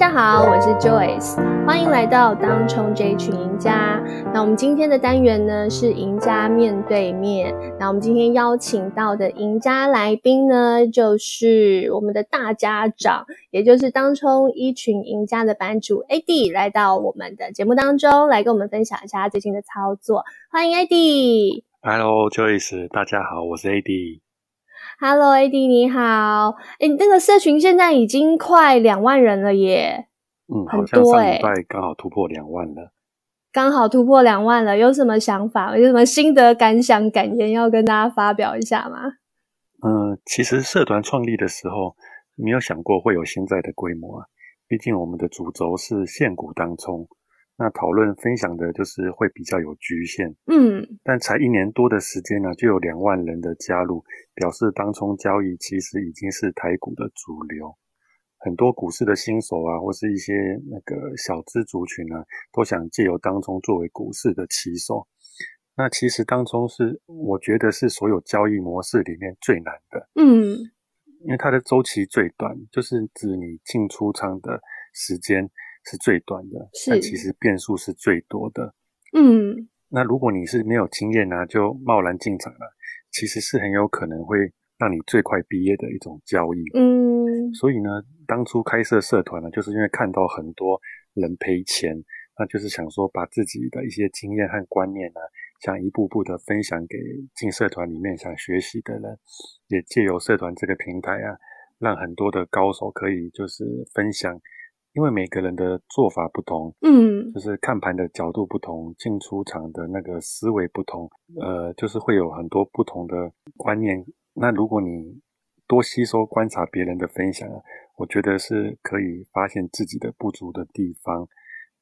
大家好，我是 Joyce，歡迎來到當沖這一群贏家。那我們今天的單元呢，是贏家面對面。那我們今天邀請到的贏家來賓呢，就是我們的大家長，也就是當沖一群贏家的版主 Eddy 來到我們的節目當中，來跟我們分享一下最近的操作。歡迎 Eddy。Hello Joyce，大家好，我是 Eddy。Hello，Eddy，你好。哎，那個社群現在已經快兩萬人了耶，嗯，好像上禮拜剛好突破兩萬了、欸，剛好突破兩萬了。有什麼想法？有什麼心得、感想、感言要跟大家發表一下嗎？嗯，其實社團創立的時候沒有想過會有現在的規模啊，畢竟我們的主軸是現股當沖。那討論分享的就是會比較有局限，嗯，但才一年多的時間呢、啊，就有兩萬人的加入，表示當沖交易其實已經是台股的主流，很多股市的新手啊，或是一些那個小資族群呢、啊，都想借由當沖作為股市的起手。那其實當沖是我覺得是所有交易模式裡面最難的，嗯，因為它的周期最短，就是指你進出倉的時間。是最短的，但其實變數是最多的。嗯，那如果你是沒有經驗呢、啊，就貿然進場了、啊，其實是很有可能會讓你最快畢業的一種交易。嗯，所以呢，當初開設社團呢、啊，就是因為看到很多人賠錢，那就是想說把自己的一些經驗和觀念呢、啊，想一步步的分享給進社團裡面想學習的人，也借由社團這個平台啊，讓很多的高手可以就是分享。因為每個人的做法不同，嗯，就是看盤的角度不同，進出場的那個思維不同，呃，就是會有很多不同的觀念。那如果你多吸收、觀察別人的分享，我覺得是可以發現自己的不足的地方。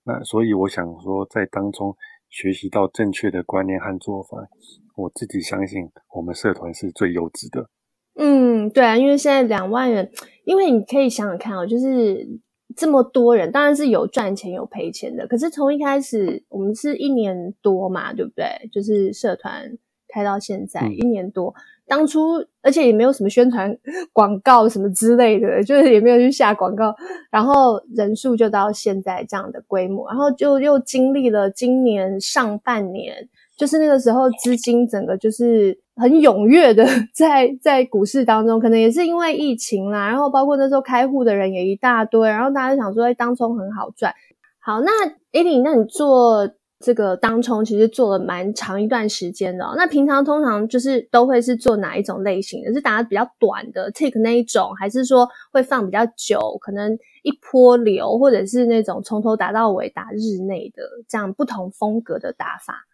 那所以我想說，在當中學習到正確的觀念和做法，我自己相信我們社團是最優質的。嗯，對啊，因為現在兩萬人，因為你可以想想看哦，就是。這麼多人當然是有賺錢有賠錢的，可是從一開始我們是一年多嘛，對不對？就是社團開到現在、嗯、一年多，當初而且也沒有什麼宣傳廣告什麼之類的，就是也沒有去下廣告，然後人數就到現在這樣的規模，然後就又經歷了今年上半年。就是那個時候，資金整個就是很踴躍的在在股市當中，可能也是因為疫情啦，然後包括那時候開戶的人也一大堆，然後大家就想說，哎，當沖很好賺。好，那 Eddy、欸，那你做這個當沖，其實做了蠻長一段時間的哦。那平常通常就是都會是做哪一種類型的？是打得比較短的 tick 那一種，還是說會放比較久，可能一波流，或者是那種從頭打到尾打日內的這樣不同風格的打法？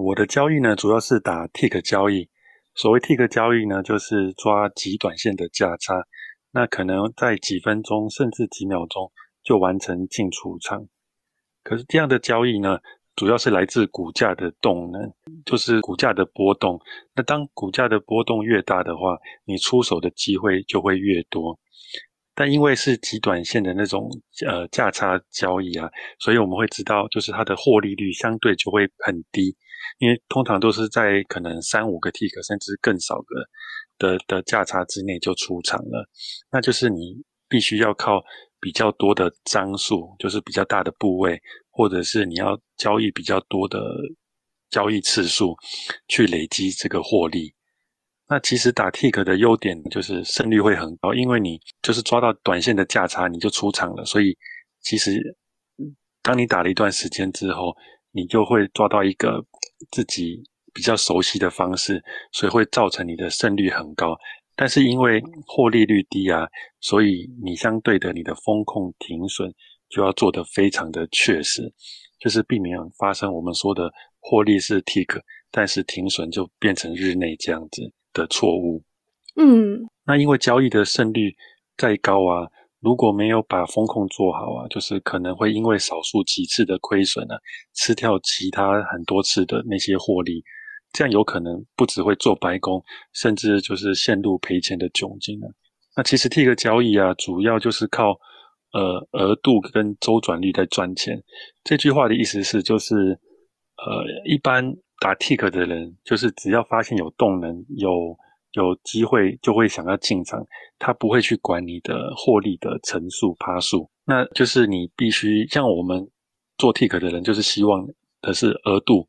我的交易呢，主要是打 tick 交易。所謂 tick 交易呢，就是抓極短線的價差，那可能在幾分鐘甚至幾秒鐘就完成進出倉。可是這樣的交易呢，主要是來自股價的動能，就是股價的波動。那當股價的波動越大的話，你出手的機會就會越多。但因為是極短線的那種呃價差交易啊，所以我們會知道，就是它的獲利率相對就會很低，因為通常都是在可能三五個 tick，甚至更少個的的、的價差之內就出場了。那就是你必須要靠比較多的張數，就是比較大的部位，或者是你要交易比較多的交易次數，去累積這個獲利。那其實打 tick 的優點就是勝率會很高，因為你就是抓到短線的價差，你就出場了。所以其實當你打了一段時間之後，你就會抓到一個自己比較熟悉的方式，所以會造成你的勝率很高。但是因為獲利率低啊，所以你相對的你的風控停損就要做得非常的確實，就是避免發生我們說的獲利是 tick，但是停損就變成日內這樣子。的錯誤，嗯，那因為交易的勝率再高啊，如果沒有把風控做好啊，就是可能會因為少數幾次的虧損啊，吃掉其他很多次的那些獲利，這樣有可能不只會做白工，甚至就是陷入賠錢的窘境啊。那其實 T 個交易啊，主要就是靠呃額度跟周轉率在賺錢。這句話的意思是，就是呃一般。打 tick 的人就是只要發現有動能、有有機會，就會想要進場。他不會去管你的獲利的成數、趴數。那就是你必須像我們做 tick 的人，就是希望的是額度，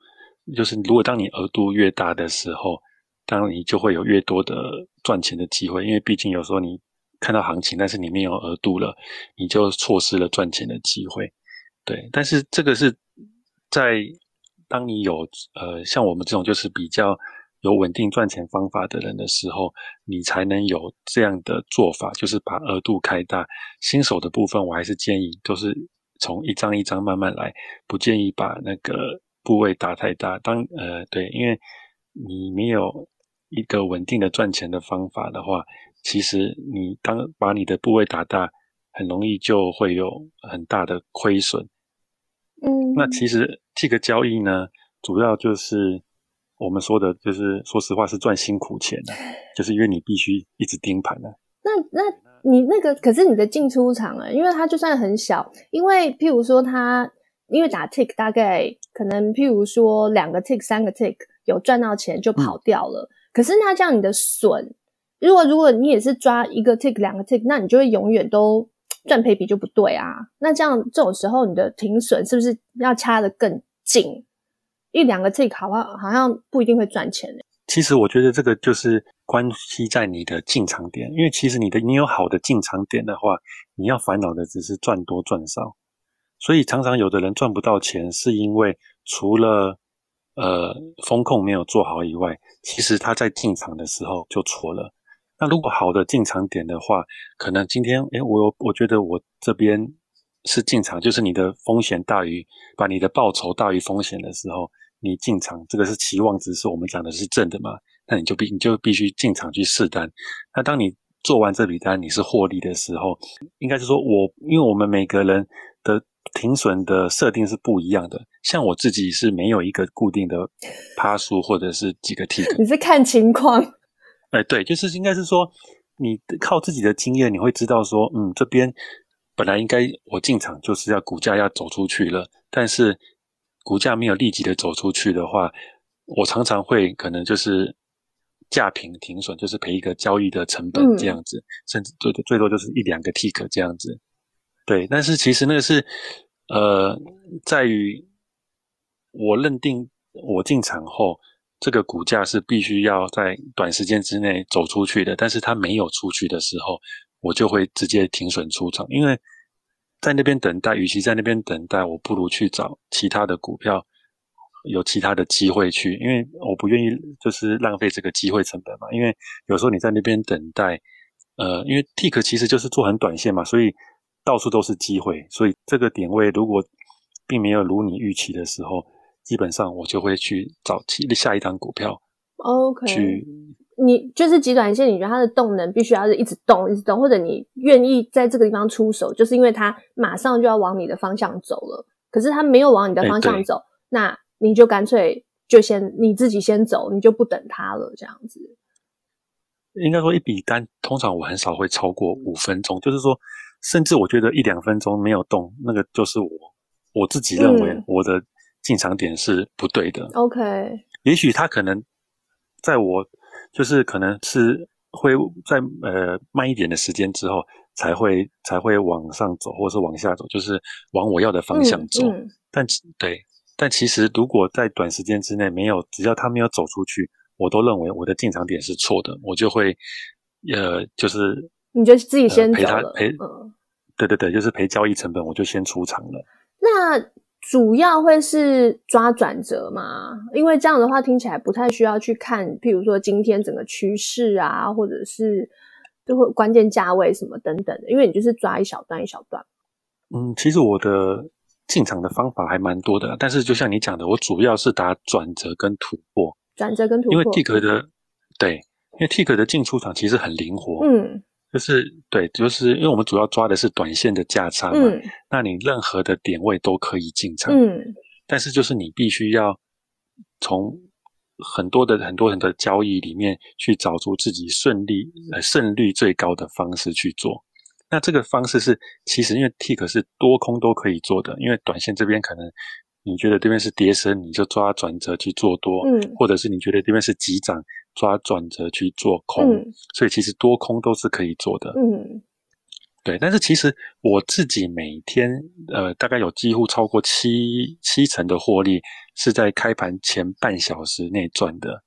就是如果當你額度越大的時候，當你就會有越多的賺錢的機會。因為畢竟有時候你看到行情，但是你沒有額度了，你就錯失了賺錢的機會。對，但是這個是在。當你有呃，像我們這種就是比較有穩定賺錢方法的人的時候，你才能有這樣的做法，就是把額度開大。新手的部分，我還是建議都是從一張一張慢慢來，不建議把那個部位打太大。當呃對，因為你沒有一個穩定的賺錢的方法的話，其實你當把你的部位打大，很容易就會有很大的虧損。嗯，那其實。這個交易呢，主要就是我們說的，就是說實話是賺辛苦錢的，就是因為你必須一直盯盤的。那那你那個，可是你的進出場啊、欸，因為它就算很小，因為譬如說它，因為打 tick 大概可能譬如說兩個 tick、三個 tick 有賺到錢就跑掉了。嗯、可是那這樣你的損，如果如果你也是抓一個 tick、兩個 tick，那你就會永遠都。賺賠比就不對啊，那這樣這種時候你的停損是不是要掐得更緊？一兩個 tick 好不好？好像不一定會賺錢呢、欸。其實我覺得這個就是關係在你的進場點，因為其實你的你有好的進場點的話，你要煩惱的只是賺多賺少。所以常常有的人賺不到錢，是因為除了呃風控沒有做好以外，其實他在進場的時候就錯了。那如果好的進場點的話，可能今天，哎，我我覺得我這邊是進場，就是你的風險大於，把你的報酬大於風險的時候，你進場，這個是期望值，是我們講的是正的嘛，那你就必你就必須進場去試單。那當你做完這筆單，你是獲利的時候，應該是說我，我因為我們每個人的停損的設定是不一樣的，像我自己是沒有一個固定的趴數或者是幾個 T。你是看情況。哎，對，就是應該是說，你靠自己的經驗，你會知道說，嗯，這邊本來應該我進場就是要股價要走出去了，但是股價沒有立即的走出去的話，我常常會可能就是價平停損，就是賠一個交易的成本這樣子，嗯、甚至最最多就是一兩個 tick 這樣子。對，但是其實那個是呃，在於我認定我進場後。這個股價是必須要在短時間之內走出去的，但是它沒有出去的時候，我就會直接停損出場。因為在那邊等待，與其在那邊等待，我不如去找其他的股票，有其他的機會去。因為我不願意就是浪費這個機會成本嘛。因為有時候你在那邊等待，呃，因為 tick 其實就是做很短線嘛，所以到處都是機會。所以這個點位如果並沒有如你預期的時候。基本上我就會去找其下一檔股票，OK 去。去你就是極短線，你覺得它的動能必須要是一直動一直動，或者你願意在這個地方出手，就是因為它馬上就要往你的方向走了。可是它沒有往你的方向走，欸、那你就乾脆就先你自己先走，你就不等它了，這樣子。應該說，一筆單通常我很少會超過五分鐘，就是說，甚至我覺得一兩分鐘沒有動，那個就是我我自己認為我的、嗯。進場點是不對的。OK，也許他可能在我就是可能是會在呃慢一點的時間之後才會才會往上走，或者是往下走，就是往我要的方向走。嗯嗯、但對，但其實如果在短時間之內沒有，只要他沒有走出去，我都認為我的進場點是錯的，我就會呃，就是你就自己先賠、呃、他賠、嗯，對對對，就是賠交易成本，我就先出場了。那。主要會是抓轉折嘛，因為這樣的話聽起來不太需要去看，譬如說今天整個趨勢啊，或者是就會關鍵價位什麼等等的，因為你就是抓一小段一小段。嗯，其實我的進場的方法還蠻多的，但是就像你講的，我主要是打轉折跟突破，轉折跟突破。因為 Tik 的，對，因為 Tik 的進出場其實很靈活。嗯。就是對，就是因為我們主要抓的是短線的價差嘛，嗯。那你任何的點位都可以進場。嗯。但是就是你必須要從很多的很多很多的交易裡面去找出自己順利呃勝率最高的方式去做。那這個方式是，其實因為 TICK 是多空都可以做的，因為短線這邊可能你覺得這邊是跌深，你就抓轉折去做多，嗯，或者是你覺得這邊是急漲。抓轉折去做空，嗯，所以其實多空都是可以做的。嗯，對。但是其實我自己每天呃，大概有幾乎超過七七成的獲利是在開盤前半小時內賺的，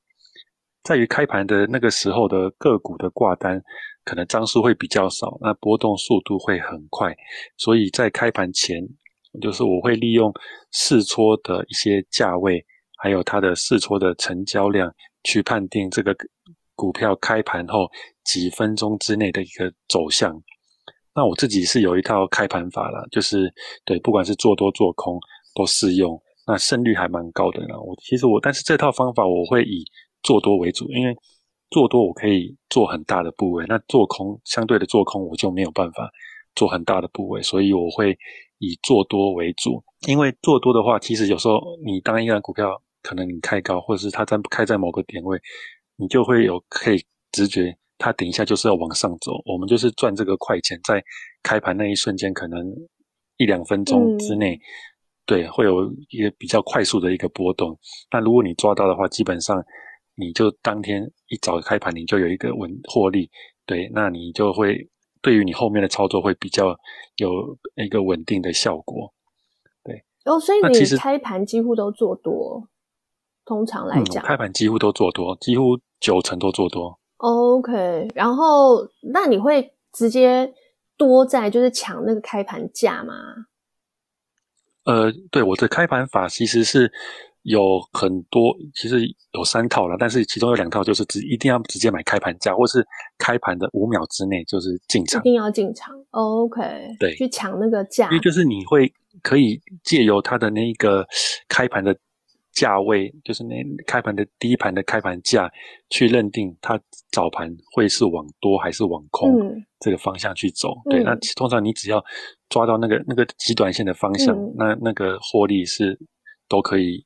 在於開盤的那個時候的個股的掛單可能張數會比較少，那波動速度會很快，所以在開盤前就是我會利用試撮的一些價位，還有它的試撮的成交量。去判定這個股票開盤後幾分鐘之內的一個走向。那我自己是有一套開盤法啦，就是對，不管是做多做空都適用。那勝率還蠻高的啦。我其實我，但是這套方法我會以做多為主，因為做多我可以做很大的部位。那做空相對的，做空我就沒有辦法做很大的部位，所以我會以做多為主。因為做多的話，其實有時候你當一個股票。可能你開高，或者是它在開在某個點位，你就會有可以直覺，它等一下就是要往上走。我們就是賺這個快錢，在開盤那一瞬間，可能一兩分鐘之內，嗯，對，會有一個比較快速的一個波動。那如果你抓到的話，基本上你就當天一早開盤，你就有一個穩獲利，對，那你就會對於你後面的操作會比較有一個穩定的效果，對。哦，所以你開盤幾乎都做多？通常來講、嗯，開盤幾乎都做多，幾乎九成都做多。OK，然後那你會直接多在就是搶那個開盤價嗎？呃，對，我的開盤法其實是有很多，其實有三套啦，但是其中有兩套就是直一定要直接買開盤價，或是開盤的五秒之內就是進場，一定要進場。OK，對，去搶那個價，也就是你會可以借由它的那個開盤的。價位就是那開盤的第一盤的開盤價去認定它早盤會是往多還是往空這個方向去走，嗯、對，那通常你只要抓到那個那個極短線的方向，嗯、那那個獲利是都可以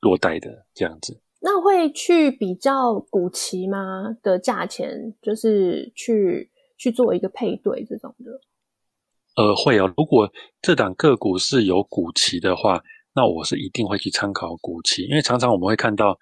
落袋的這樣子。嗯、那會去比較股期嗎的價錢，就是去去做一個配對這種的？呃，會哦，如果這檔個股是有股期的話。那我是一定會去參考股期，因為常常我們會看到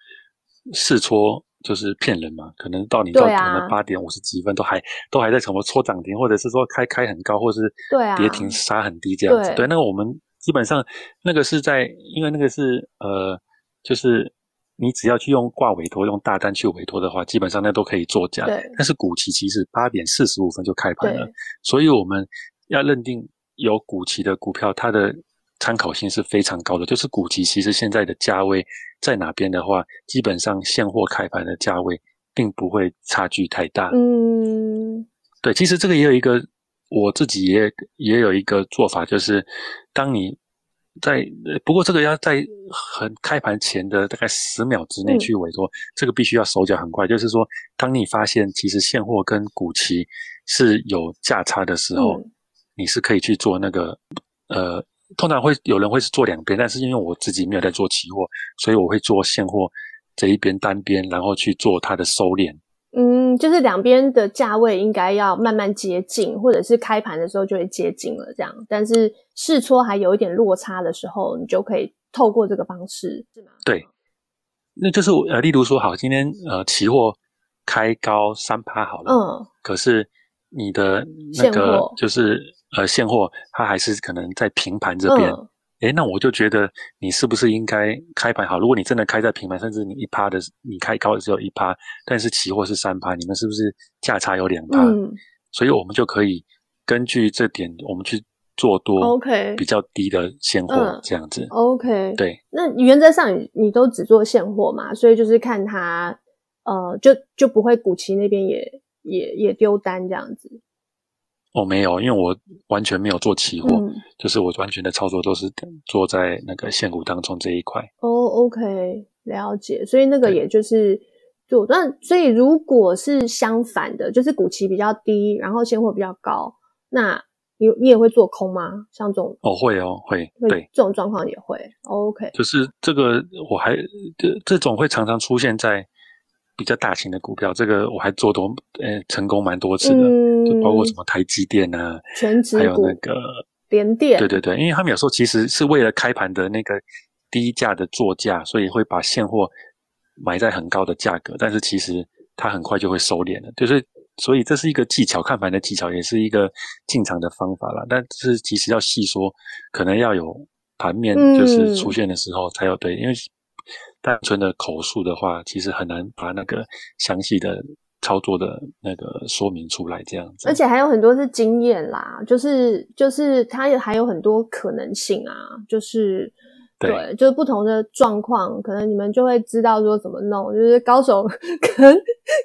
試撮就是騙人嘛，可能到你到可能八點五十幾分都還、啊、都還在什麼撮漲停，或者是說開開很高，或者是跌停殺很低這樣子對、啊對。對，那我們基本上那個是在，因為那個是呃，就是你只要去用掛委托、用大單去委托的話，基本上那都可以作假。對，但是股期其實八點四十五分就開盤了，所以我們要認定有股期的股票，它的參考性是非常高的，就是股期其實現在的價位在哪邊的話，基本上現貨開盤的價位並不會差距太大。嗯，對，其實這個也有一個我自己也也有一個做法，就是當你在，不過這個要在很開盤前的大概十秒之內去委托，嗯、這個必須要手腳很快。就是說，當你發現其實現貨跟股期是有價差的時候，嗯、你是可以去做那個呃。通常會有人會是做兩邊，但是因為我自己沒有在做期貨，所以我會做現貨這一邊單邊，然後去做它的收斂。嗯，就是兩邊的價位應該要慢慢接近，或者是開盤的時候就會接近了。這樣，但是試錯還有一點落差的時候，你就可以透過這個方式，是嗎？對，那就是我呃，例如說，好，今天呃，期貨開高三趴好了，嗯，可是你的那個就是。呃，現貨它還是可能在平盤這邊，哎、嗯欸，那我就覺得你是不是應該開盤好？如果你真的開在平盤，甚至你一趴的，你開高只有一趴，但是期貨是三趴，你們是不是價差有兩趴？嗯，所以我們就可以根據這點，我們去做多，OK，比較低的現貨這樣子，OK、嗯、對。那原則上你都只做現貨嘛，所以就是看它，呃，就就不會股期那邊也也也丟單這樣子。我、哦、沒有，因為我完全沒有做期貨、嗯，就是我完全的操作都是做在那個現股當中這一塊。哦，OK，了解。所以那個也就是就，那所以如果是相反的，就是股期比較低，然後現貨比較高，那你你也會做空嗎？像這種哦會哦會，會，會，對，這種狀況也會。OK，就是這個我還這這種會常常出現在。比較大型的股票，這個我還做多，欸、成功蠻多次的，嗯、就包括什麼台積電啊，還有那個聯電，對對對，因為他們有時候其實是為了開盤的那個低價的作價，所以會把現貨買在很高的價格，但是其實它很快就會收斂了，就是所、所以這是一個技巧，看盤的技巧，也是一個進場的方法啦。但是其實要細說，可能要有盤面就是出現的時候才有、嗯、對，因為。單純的口述的話，其實很難把那個詳細的操作的那個說明出來，這樣子。而且還有很多是經驗啦，就是就是它也還有很多可能性啊，就是對，對，就是不同的狀況，可能你們就會知道說怎麼弄，就是高手跟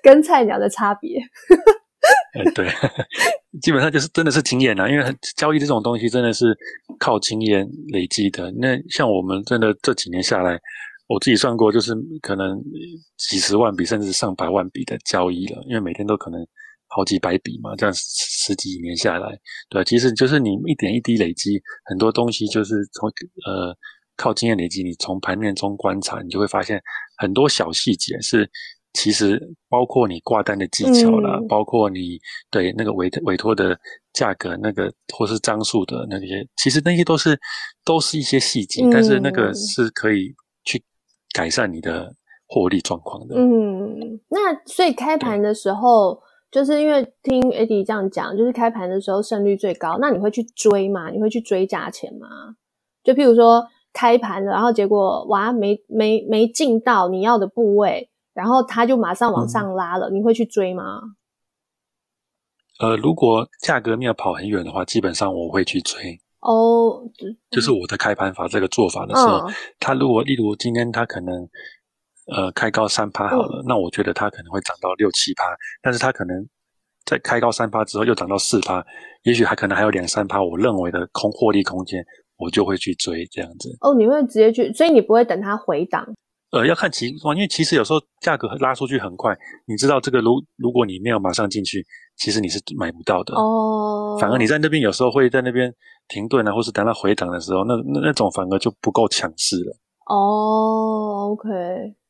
跟菜鳥的差別、 欸。對，基本上就是真的是經驗啦，因為交易這種東西真的是靠經驗累積的。那像我們真的這幾年下來。我自己算過，就是可能幾十萬筆，甚至上百萬筆的交易了，因為每天都可能好幾百筆嘛。這樣十幾年下來，對，其實就是你一點一滴累積，很多東西就是從呃靠經驗累積。你從盤面中觀察，你就會發現很多小細節是其實包括你掛單的技巧啦，包括你對那個委委託的價格那個或是張數的那些，其實那些都是都是一些細節，但是那個是可以。改善你的獲利狀況的。嗯，那所以開盤的時候，就是因為聽 Eddy 這樣講，就是開盤的時候勝率最高。那你會去追嗎？你會去追價錢嗎？就譬如說開盤了，然後結果哇，沒沒沒進到你要的部位，然後它就馬上往上拉了。嗯，你會去追嗎？呃，如果價格沒有跑很遠的話，基本上我會去追。哦、oh，就是我的開盤法這個做法的時候，他、嗯、如果例如今天他可能呃開高三趴好了、嗯，那我覺得他可能會漲到六七趴，但是他可能在開高三趴之後又漲到四趴，也許還可能還有兩三趴，我認為的空獲利空間，我就會去追這樣子。哦、oh，你會直接去追，所以你不會等它回檔？呃，要看情況、哦，因為其實有時候價格拉出去很快，你知道這個如如果你沒有馬上進去，其實你是買不到的哦。Oh. 反而你在那邊有時候會在那邊停頓呢，或是等到回檔的時候，那那那種反而就不夠強勢了。哦、oh，OK，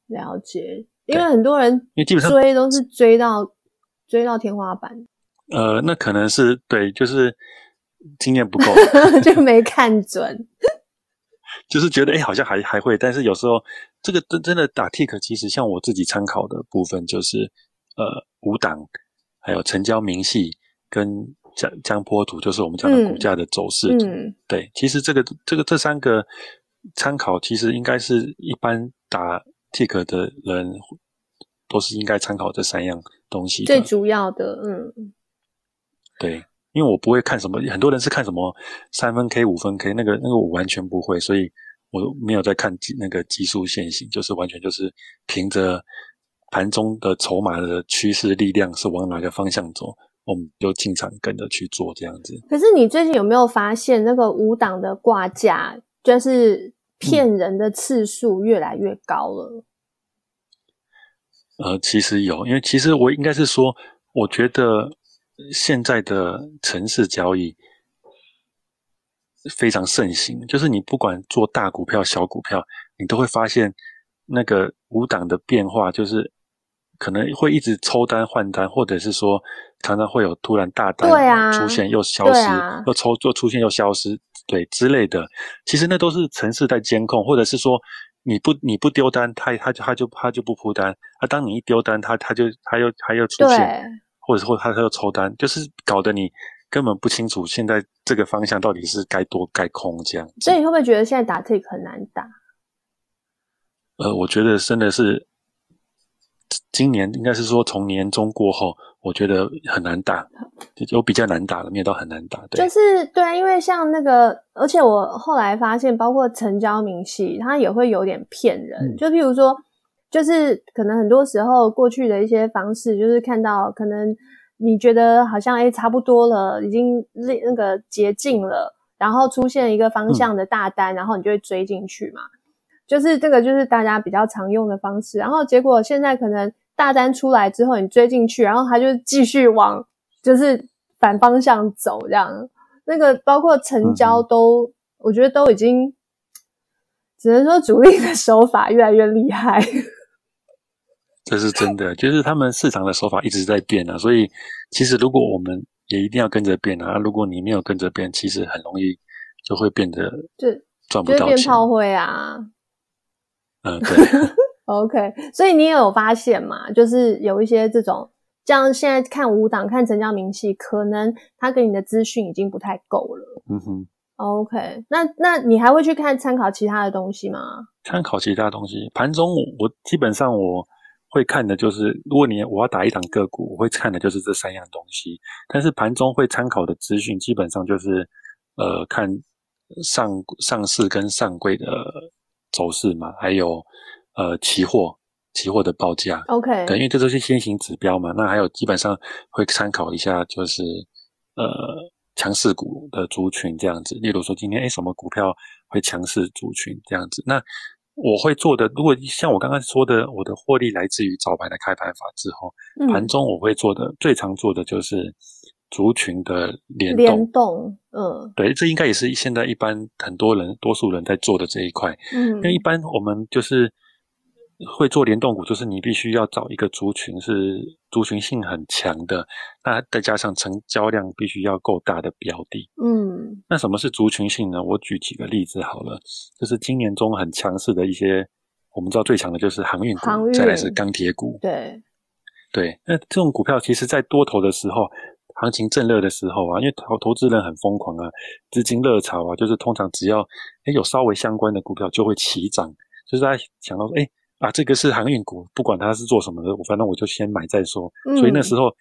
了解。因為很多人，因為基本上追都是追到追到，追到天花板。呃，那可能是對，就是經驗不夠， 就沒看準。 就是覺得哎、欸，好像還還會，但是有時候這個真真的打 tick，其實像我自己參考的部分，就是呃五檔，還有成交明細跟。江江波圖就是我們講的股價的走勢圖。嗯嗯，對。其實這個這個這三個參考，其實應該是一般打 tick 的人都是應該參考這三樣東西的，最主要的。嗯，對，因為我不會看什麼，很多人是看什麼三分 K 五分 K，那個那個我完全不會，所以我沒有在看那個技術線型，就是完全就是憑着盤中的籌碼的趨勢力量是往哪個方向走。我們就經常跟着去做這樣子。可是你最近有沒有發現，那個五檔的掛價，就是騙人的次數越來越高了，嗯？呃，其實有，因為其實我應該是說，我覺得現在的城市交易非常盛行，就是你不管做大股票、小股票，你都會發現那個五檔的變化，就是。可能會一直抽單換單，或者是說常常會有突然大單、啊呃、出現又消失，啊、又抽又出現又消失，對之類的。其實那都是程式在監控，或者是說你不你不丟單，他他他就他就，他就不鋪單。那、啊、當你一丟單，他他就他又他又出現，或者是或他又抽單，就是搞得你根本不清楚現在這個方向到底是該多該空這樣。所以你會不會覺得現在打 tick 很難打、嗯？呃，我覺得真的是。今年應該是說，從年終過後，我覺得很難打，就比較難打的面都很難打。對，就是對，因為像那個，而且我後來發現，包括成交明細，它也會有點騙人、嗯。就譬如說，就是可能很多時候過去的一些方式，就是看到可能你覺得好像哎、欸、差不多了，已經那個捷徑了，然後出現一個方向的大單，嗯、然後你就會追進去嘛。就是這個，就是大家比較常用的方式。然後結果現在可能大單出來之後，你追進去，然後它就繼續往就是反方向走，這樣。那個包括成交都、嗯，我覺得都已經，只能說主力的手法越來越厲害。這是真的，就是他們市場的手法一直在變啊。 所以其實如果我們也一定要跟着變啊。如果你沒有跟着變，其實很容易就會變得賺不到錢就、就是、變炮灰啊。嗯，對 ，OK，所以你也有發現嘛？就是有一些這種，像現在看五檔、看成交明細，可能他給你的資訊已經不太夠了。嗯哼，OK，那那你還會去看參考其他的東西嗎？參考其他東西，盤中我，我基本上我會看的就是，如果你我要打一檔個股，我會看的就是這三樣東西。但是盤中會參考的資訊，基本上就是呃，看上上市跟上櫃的。走勢嘛，還有呃，期貨，期貨的報價，OK，對，因為這都是先行指標嘛。那還有基本上會參考一下，就是呃，強勢股的族群這樣子。例如說今天哎，什麼股票會強勢族群這樣子？那我會做的，如果像我剛剛說的，我的獲利來自於早盤的開盤法之後，嗯、盤中我會做的最常做的就是。族群的聯動，聯動，嗯，對，這應該也是現在一般很多人、多數人在做的這一塊。嗯，因為一般我們就是會做聯動股，就是你必須要找一個族群是族群性很強的，那再加上成交量必須要夠大的標的。嗯，那什麼是族群性呢？我舉幾個例子好了，就是今年中很強勢的一些，我們知道最強的就是航運股航運，再來是鋼鐵股，對，對。那這種股票其實在多頭的時候。行情正熱的時候啊，因為投投資人很瘋狂啊，資金熱潮啊，就是通常只要、欸、有稍微相關的股票就會起漲，就是大家想到誒、欸、啊這個是航運股，不管它是做什麼的，我反正我就先買再說。所以那時候、嗯、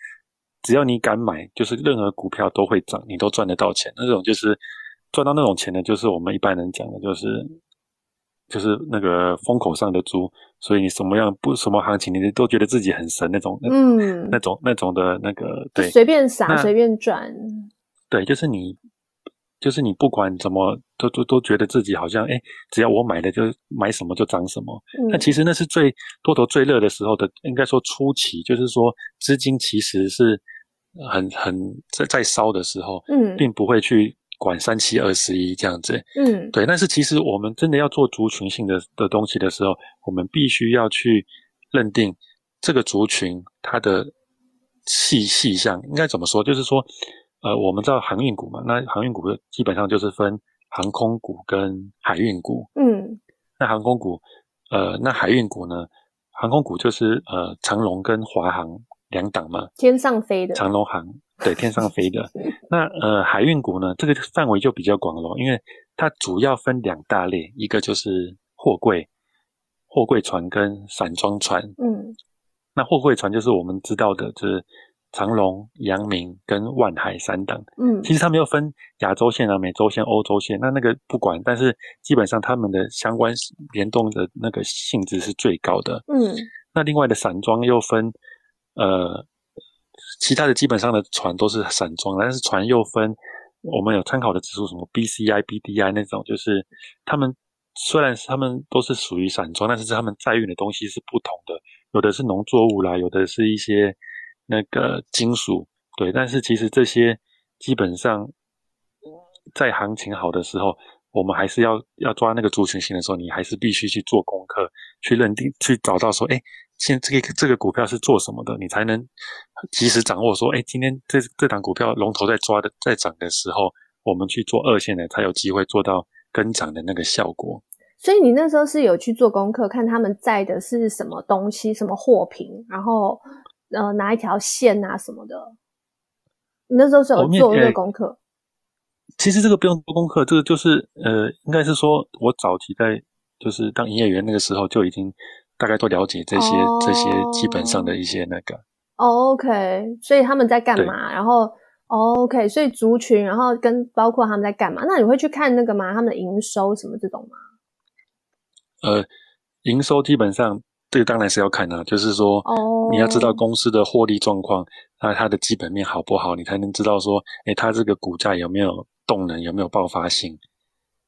只要你敢買，就是任何股票都會漲，你都賺得到錢。那種就是賺到那種錢的，就是我們一般人講的，就是就是那個風口上的豬。所以你什麼樣不什麼行情，你都覺得自己很神那種，嗯，那，那種那種的那個，對，隨便撒，隨便轉。對，就是你，就是你不管怎麼都都都覺得自己好像，哎、欸，只要我買的就買什麼就漲什麼。那、嗯、其實那是最多頭最熱的時候的，應該說初期，就是說資金其實是很很在在燒的時候，嗯，並不會去。管三七二十一這樣子，嗯，對，但是其實我們真的要做族群性的的東西的時候，我們必須要去認定這個族群它的細細項應該怎麼說？就是說，呃，我們知道航運股嘛，那航運股基本上就是分航空股跟海運股，嗯，那航空股，呃，那海運股呢？航空股就是呃，長榮跟華航兩檔嘛，天上飛的長榮航。對，天上飛的那，呃，海運股呢？這個範圍就比較廣了，因為它主要分兩大類，一個就是貨櫃，貨櫃船跟散裝船。嗯，那貨櫃船就是我們知道的，就是長榮、陽明跟萬海三等。嗯，其實他們又分亞洲線啊、美洲線、歐洲線。那那個不管，但是基本上他們的相關聯動的那個性質是最高的。嗯，那另外的散裝又分呃。其他的基本上的船都是散裝，但是船又分，我們有參考的指數，什麼 BCI、BDI 那種，就是他們雖然是他們都是屬於散裝，但是,是他們載運的東西是不同的，有的是農作物啦，有的是一些那個金屬，對。但是其實這些基本上在行情好的時候，我們還是要要抓那個族群性的時候，你還是必須去做功課，去認定，去找到說，哎。現在這個這個股票是做什麼的，你才能及時掌握？說，哎，今天這這檔股票龍頭在抓的在漲的時候，我們去做二線的，才有機會做到跟漲的那個效果。所以你那時候是有去做功課，看他們載的是什麼東西、什麼貨品，然後呃，拿一條線啊什麼的。你那時候是有做一個功課，哦欸。其實這個不用做功課，這個就是呃，應該是說，我早期在就是當營業員那個時候就已經。大概都了解這些、oh. 這些基本上的一些那個、oh,，OK，所以他們在幹嘛？然後、oh, OK，所以族群，然後跟包括他們在幹嘛？那你會去看那個嗎？他們的營收什麼這種嗎？呃，營收基本上這個當然是要看的、啊，就是說、oh. 你要知道公司的獲利狀況，那它的基本面好不好，你才能知道說，誒、欸、它這個股價有沒有動能，有沒有爆發性。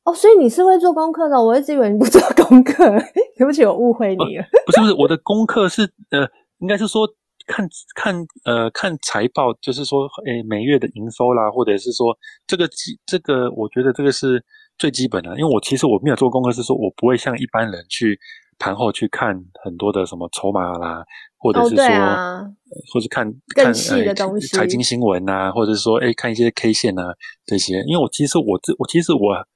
哦，所以你是會做功課的、哦，我一直以為你不做功課， 對不起，我誤會你了、呃。不是不是，我的功課是呃，應該是說看看呃看財報，就是說誒、欸、每月的營收啦，或者是說這個這這個，我覺得這個是最基本的、啊。因為我其實我沒有做功課，是說我不會像一般人去盤後去看很多的什麼籌碼啦，或者是說，哦啊呃、或者是看看更細的東西，財、呃、經新聞啦、啊，或者是說誒、欸、看一些 K 線啊這些。因為我其實我這我其實我。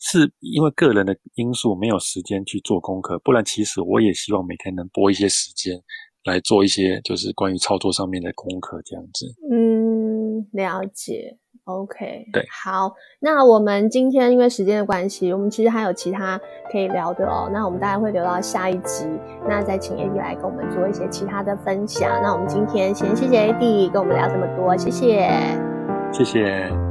是因為個人的因素，沒有時間去做功課，不然其實我也希望每天能撥一些時間來做一些，就是關於操作上面的功課這樣子。嗯，了解。OK。對，好，那我們今天因為時間的關係，我們其實還有其他可以聊的哦。那我們大概會留到下一集，那再請 Eddy 來跟我們做一些其他的分享。那我們今天先謝謝 Eddy 跟我們聊這麼多，謝謝。嗯，謝謝。